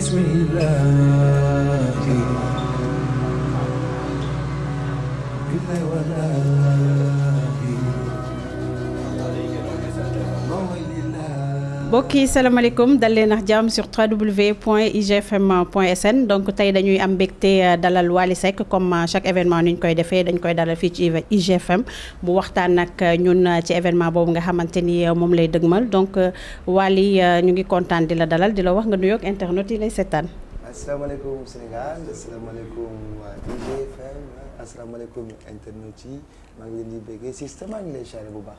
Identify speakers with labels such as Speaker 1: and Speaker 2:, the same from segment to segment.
Speaker 1: بسم الله إلا ولا
Speaker 2: Bokki yi salaamaaleykum dal leen ak jàmm sur www.igfm.sn donc tay dañuy am mbégte euh, dalal wali sec comme euh, chaque événement niñ koy defee dañ koy dalal fi ci IGFM bu waxtaan ak euh, ñun ci événement bobu nga xamanteni mom lay deugmal donc wali ñu ngi contane dila la dalal dila la wax nga nuyoog internet yi lay seetaan.
Speaker 1: asalaamaaleykum Sénégal IGFM asalaamaaleykum internet yi maa ngi leen di bëggee système maa ngi bu baax.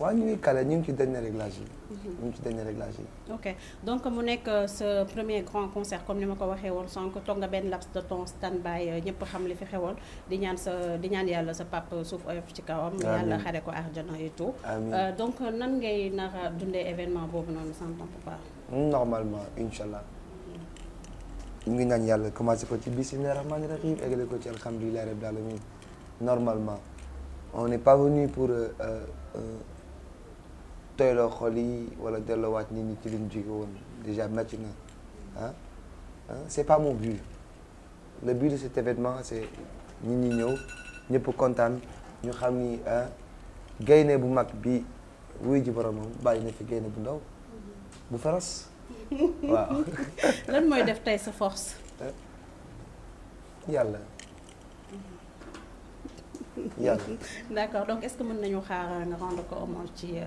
Speaker 1: waaw kala ngi kale ñu ngi ci dernier réglage yi. Mhm. ñu ngi ci dernier réglage
Speaker 2: ok donc mu nekk sa euh, premier grand concert comme ni ma ko waxee woon sànq nga benn laps de ton standby, by euh, ñëpp xam li fi xewoon di ñaan sa di ñaan yàlla sa papa suuf oyof ci kawam. yàlla xare ko àjjana et tout. Euh, donc nan ngay na a dundee événement boobu noonu sans pas.
Speaker 1: normalement inshallah. allah. Mhm. ñu ngi naan yàlla commencé ko ci bismillahi rahmaani rahim eggale ko rabbil alamin normalement on n'est pas venu pour. Euh, euh, tooyloo xol ni ci déjà maintenant hein hein c'est pas mon but le but de cet événement c'est ni ni ñeu ñëpp Nous ñu xam ni hein, bu mag bi wuy ji borom Nous fi bu ndaw bu feras waaw. lan moy def
Speaker 2: tay sa force. Hein? d'accord donc est-ce que mën nañu xaar nga rendre ko ci. Euh,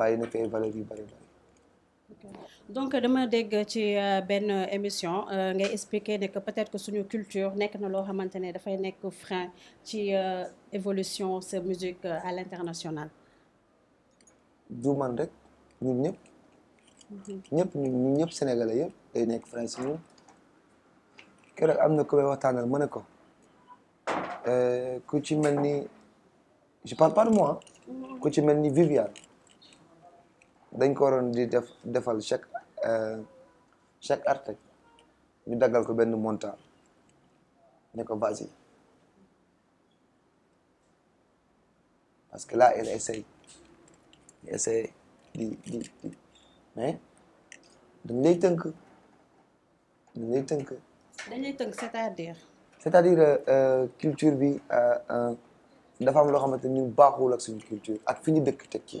Speaker 1: bàyyi na fee valeur yu bëri bëri
Speaker 2: donc dama dégg ci ben émission euh, nga expliquer ne que peut-être que suñu culture nek na lo xamante da fay nek frein ci euh, évolution ce musique à l'international
Speaker 1: du man rek ñun ñep mhm. ñep ñun ñep sénégalais yëpp day nek frein ci ñun kër am na ko may waxtaanal mën a ko ku ci melni je parle pas de moi hein. ku ci melni ni Viviane dañ ko waroon di def defal chaque euh, chaque article ñu daggal ko benn montant ne ko vas parce que là elle essaye elle di di di mais dañ lay tënk dañ tënk.
Speaker 2: dañ tënk c'est-à-dire.
Speaker 1: c'est-à-dire euh, euh, culture bi dafa am loo xamante ni baaxul ak suñu culture ak fi ñu dëkk tekki.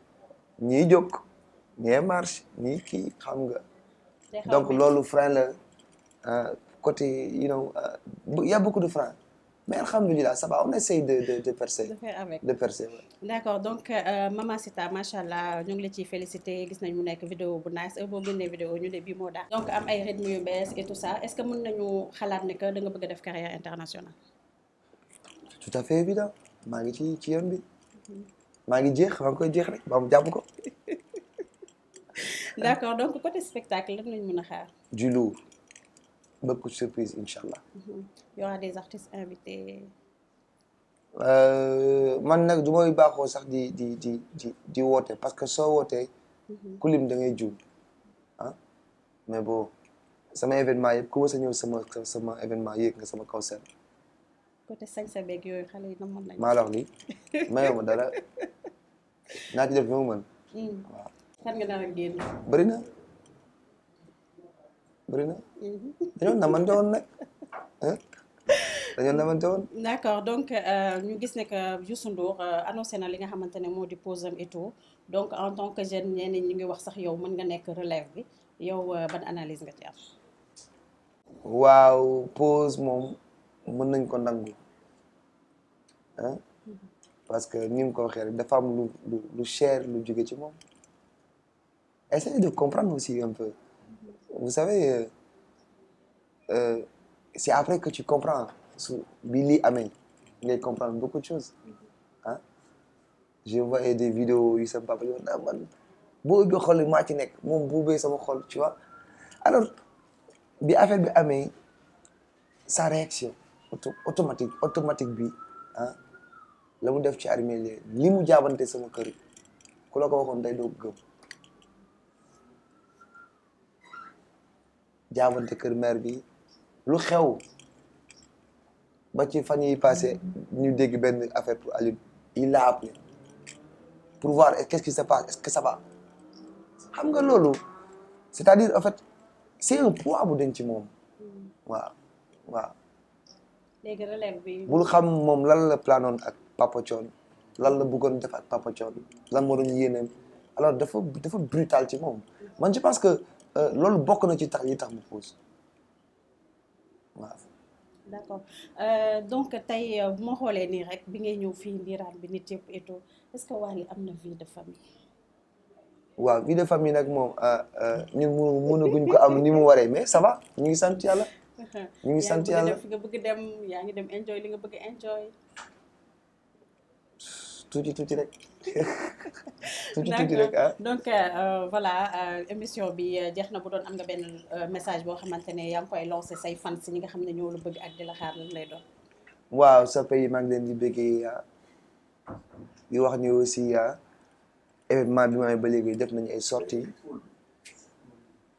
Speaker 1: ñii jóg ñee marche ñii kii xam nga donc loolu frein la euh, côté you know il euh, y a beaucoup de freins mais alhamdulilah ça va on essaye de de de percer. de percer ouais.
Speaker 2: d' accord donc euh, Mama Sita macha allah ñu ngi la ciy félicité gis nañ mu nekk vidéo bu nice heure boo génnee vidéo ñu ne bii moo daal. donc am ay rythme yu bees et tout ça est ce que mën nañu xalaat ne que da nga bëgg a def carrière internationale.
Speaker 1: tout à fait évident maa ngi ci ci yoon bi.
Speaker 2: Mm-hmm
Speaker 1: maa ngi jeex maa ngi koy jeex rek maa mu jàpp ko.
Speaker 2: d'accord donc côté spectacle lan lañ mën a xaar.
Speaker 1: du loup. beaucoup de surprises incha allah.
Speaker 2: Mhm. y aura des artistes invités.
Speaker 1: Euh, man nag du may baaxoo sax di di di di di parce que soo wootee. Mhm. ku lim da ngay juum hein? mais bon sama événement yëpp ku wës a ñëw sama sama événement yéeg nga sama concert.
Speaker 2: côté sañse beeg yooyu xale yi namoon nañu. maa la wax lii mayoo ma
Speaker 1: dara naa ci def li ma mën.
Speaker 2: waaw fan hmm. namante
Speaker 1: woon nag dañoo namante woon.
Speaker 2: d' donc euh, ñu gis ne que Youssou Ndour euh, na li nga xamante ne moo di pause am et tout donc en tant que jeune ñenn ñi ngi wax sax yow mën nga nekk relève bi yow euh, ban analyse nga ci am.
Speaker 1: waaw pause moom mën nañ ko nangu Hein? parce que nous avons ko femmes qui dafa lu lu cher essayez de comprendre aussi un peu vous savez euh, euh c'est après que tu comprends Billy Amen il comprend beaucoup de choses ah je voyais des vidéos il sama pas yoon naa man boo ubbee xol maa ci ça, moom bu sama xol tu vois alors bi affaire bi sa réaction automatique automatique bi ah la mu def ci armeel li mu jaabante sama kër ku la ko day doo gëm jaabante kër maire bi lu xew ba ci fan yi passé ñu dégg benn affaire pour Aliou il l'a appelé pour voir qu'est-ce qui passe est que ça va xam nga loolu c'est-à-dire en fait c'est un poids bu denc ci moom
Speaker 2: mm.
Speaker 1: waaw
Speaker 2: léegi relève bi. bul xam
Speaker 1: moom lan la planoon ak Papa Thione lan la buggoon def ak Papa Thione lan moo doon yéeneem alors dafa dafa brutal ci moom man je parce que euh, loolu bokk na ci tax yi tax mu pause waaw.
Speaker 2: d' accord euh, donc tey euh, bu ma xoolee nii rek bi ngay ñëw fii ndiiraan bi nit yëpp et tout que Wally am na vie de famille.
Speaker 1: waaw vie de famille nag moom euh, ñun mënu mënaguñ ko am ni mu waree mais ça va ñu ngi sant yàlla.
Speaker 2: ñu ngi sant yàlla fi nga bëgg dem yaa ngi dem enjoy li nga bëgg enjoy.
Speaker 1: tuuti tuuti rek. tuuti tuuti rek ah
Speaker 2: donc euh, euh, euh, émission bi jeex na bu doon am nga benn message boo xamante ne yaa ngi koy lancé say fan si ñi nga xam ne ñoo la bëgg ak di lay doon.
Speaker 1: waaw sa pays maa leen di bëggee ah. di wax ni aussi ah, événement bi ma ba léegi def nañu ay sorties.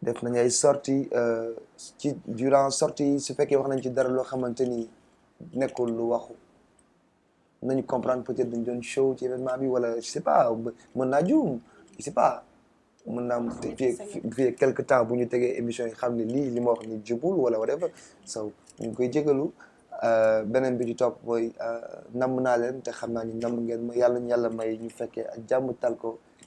Speaker 1: def nañ ay sorties euh, ci durant sorties yi su fekkee wax nañ ci dara loo xamante ni nekkul lu waxu nañu comprendre peut-être dañ doon show ci événement bi wala je sais pas mën naa juum je sais pas mën naa fii fii quelque temps bu ñu tegee émission yi xam ne lii li ma wax ni jubul wala whatever so ñu ngi koy jégalu euh, beneen bi ci topp mooy euh, namm naa leen te xam naa ni namm ngeen ma yàlla ñu yàlla may ñu fekkee ak jàmm tal ko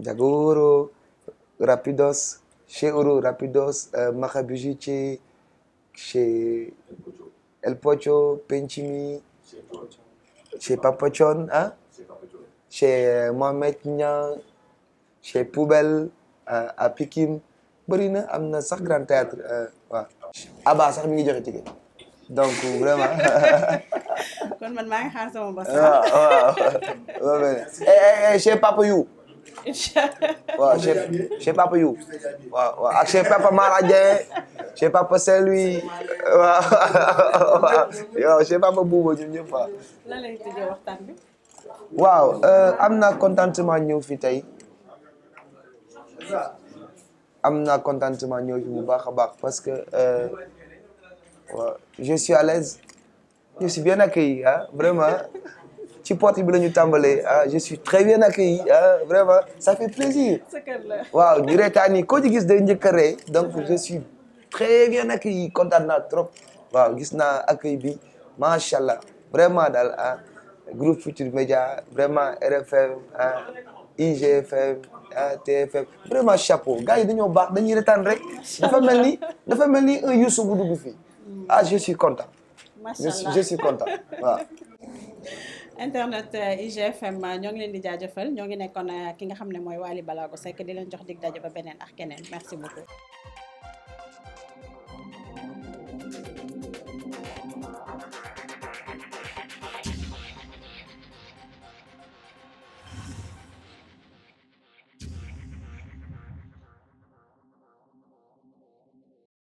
Speaker 1: Jagoro, Rapidos, chez Oro, Rapidos, euh, Makabujiche, she, El Pocho, Penchimi, she Papachon, ah, chez Mohamed Nyan, chez Poubelle, euh, à Pikim. amna na sax grand théâtre eh, wa aba ah, sax mi ngi joxe ticket donc vraiment.
Speaker 2: kon man ma ngi xaar
Speaker 1: sama ah, wa Eh eh chez eh, Papa You. incha waaw chef chef papa yu waaw waaw ak chef papa Mara Dieng chef papa c'est lui. waaw waaw chef papa Bouba ñun ñëpp waaw. lan
Speaker 2: lay tëjee waxtan bi.
Speaker 1: waaw euh amna contentement ñëw fi tey am naa contentement ñëw fi bu baax baax parce que euh waaw je suis à l'aise je suis bien accueilli hein, vraiment ci porte bi la tambalé. ah je suis très bien accueilli ah vraiment ça fait plaisir. waaw di reetaan yi koo ci gis day donc je suis très bien accueilli Content naa trop waaw gis naa accueil bi macha vraiment dans ah groupe Futur Média vraiment RFM ah IGFM ah, TFM vraiment chapeau gars yi dañoo baax dañuy reetaan rek dafa mel ni dafa mel ni un Youssou bu du fii ah je suis content. je suis content waaw
Speaker 2: internet eh, IGFM ñoo ngi leen di jaajëfal ñoo ngi nekkoon eh, ki nga xam ne mooy Balago Seck di leen jox dig daje ba beneen ak keneen merci beaucoup.